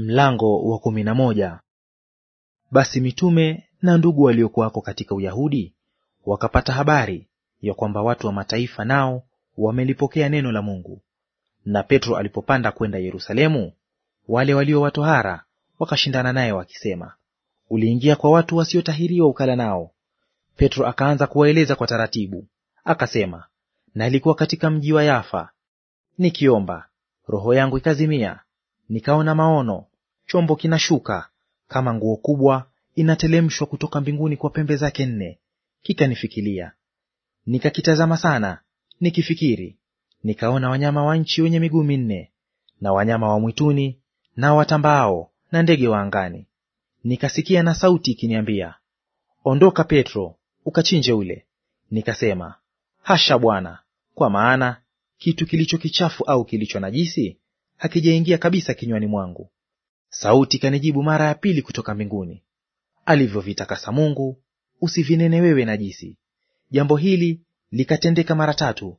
Mlango wa kumi na moja. Basi mitume na ndugu waliokuwako katika Uyahudi wakapata habari ya kwamba watu wa mataifa nao wamelipokea neno la Mungu. Na Petro alipopanda kwenda Yerusalemu, wale walio watohara wakashindana naye wakisema, uliingia kwa watu wasiotahiriwa ukala nao. Petro akaanza kuwaeleza kwa taratibu, akasema, nalikuwa katika mji wa Yafa nikiomba, roho yangu ikazimia, nikaona maono chombo kinashuka kama nguo kubwa inatelemshwa kutoka mbinguni kwa pembe zake nne. Kikanifikilia. Nikakitazama sana nikifikiri, nikaona wanyama wa nchi wenye miguu minne na wanyama wa mwituni na watambaao na ndege wa angani. Nikasikia na sauti ikiniambia, Ondoka Petro, ukachinje ule. Nikasema, Hasha Bwana, kwa maana kitu kilicho kichafu au kilicho najisi hakijaingia kabisa kinywani mwangu. Sauti ikanijibu mara ya pili kutoka mbinguni, alivyovitakasa Mungu usivinene wewe najisi. Jambo hili likatendeka mara tatu,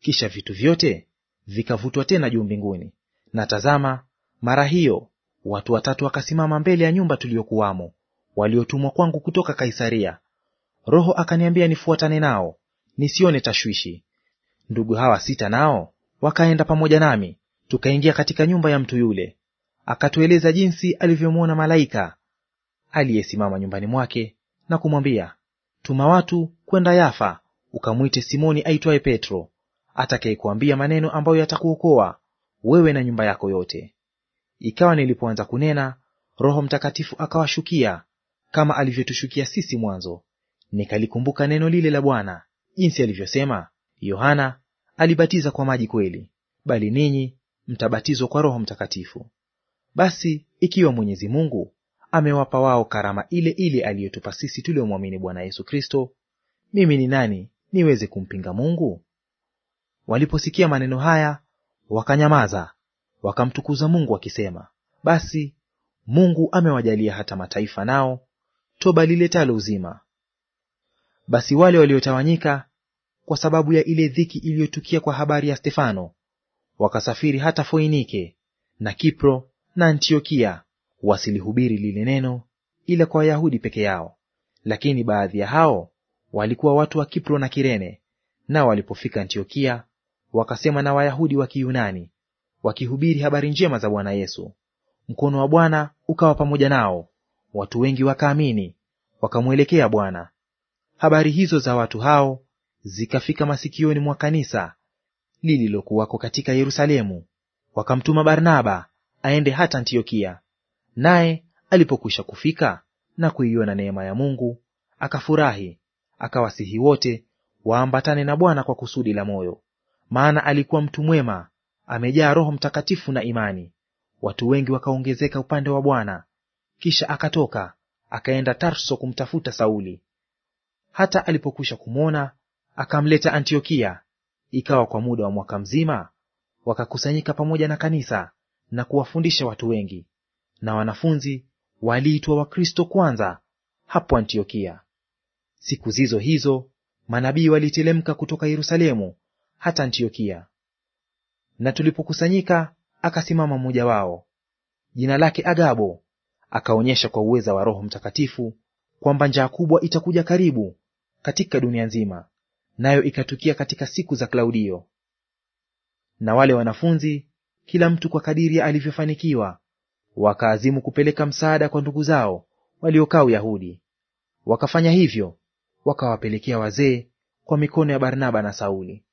kisha vitu vyote vikavutwa tena juu mbinguni. Na tazama, mara hiyo watu watatu wakasimama mbele ya nyumba tuliyokuwamo, waliotumwa kwangu kutoka Kaisaria. Roho akaniambia nifuatane nao, nisione tashwishi. Ndugu hawa sita nao wakaenda pamoja nami, tukaingia katika nyumba ya mtu yule, akatueleza jinsi alivyomwona malaika aliyesimama nyumbani mwake na kumwambia, tuma watu kwenda Yafa ukamwite Simoni aitwaye Petro, atakayekuambia maneno ambayo yatakuokoa wewe na nyumba yako yote. Ikawa nilipoanza kunena, Roho Mtakatifu akawashukia kama alivyotushukia sisi mwanzo. Nikalikumbuka neno lile la Bwana, jinsi alivyosema, Yohana alibatiza kwa maji kweli, bali ninyi mtabatizwa kwa Roho Mtakatifu. Basi ikiwa Mwenyezi Mungu amewapa wao karama ile ile aliyotupa sisi tuliomwamini Bwana Yesu Kristo, mimi ni nani niweze kumpinga Mungu? Waliposikia maneno haya, wakanyamaza, wakamtukuza Mungu wakisema, basi Mungu amewajalia hata mataifa nao toba liletalo uzima. Basi wale waliotawanyika kwa sababu ya ile dhiki iliyotukia kwa habari ya Stefano, wakasafiri hata Foinike na Kipro na Antiokia wasilihubiri lile neno ila kwa Wayahudi peke yao. Lakini baadhi ya hao walikuwa watu wa Kipro na Kirene, nao walipofika Antiokia wakasema na Wayahudi wa Kiyunani, wakihubiri habari njema za Bwana Yesu. Mkono wa Bwana ukawa pamoja nao, watu wengi wakaamini, wakamwelekea Bwana. Habari hizo za watu hao zikafika masikioni mwa kanisa lililokuwako katika Yerusalemu, wakamtuma Barnaba aende hata Antiokia. Naye alipokwisha kufika na kuiona neema ya Mungu, akafurahi, akawasihi wote waambatane na Bwana kwa kusudi la moyo. Maana alikuwa mtu mwema, amejaa Roho Mtakatifu na imani. Watu wengi wakaongezeka upande wa Bwana. Kisha akatoka akaenda Tarso kumtafuta Sauli. Hata alipokwisha kumwona akamleta Antiokia. Ikawa kwa muda wa mwaka mzima wakakusanyika pamoja na kanisa na kuwafundisha watu wengi, na wanafunzi waliitwa Wakristo kwanza hapo Antiokia. Siku zizo hizo manabii walitelemka kutoka Yerusalemu hata Antiokia. Na tulipokusanyika, akasimama mmoja wao, jina lake Agabo, akaonyesha kwa uweza wa Roho Mtakatifu kwamba njaa kubwa itakuja karibu katika dunia nzima, nayo ikatukia katika siku za Klaudio. Na wale wanafunzi kila mtu kwa kadiri alivyofanikiwa, wakaazimu kupeleka msaada kwa ndugu zao waliokaa Uyahudi. Wakafanya hivyo, wakawapelekea wazee kwa mikono ya Barnaba na Sauli.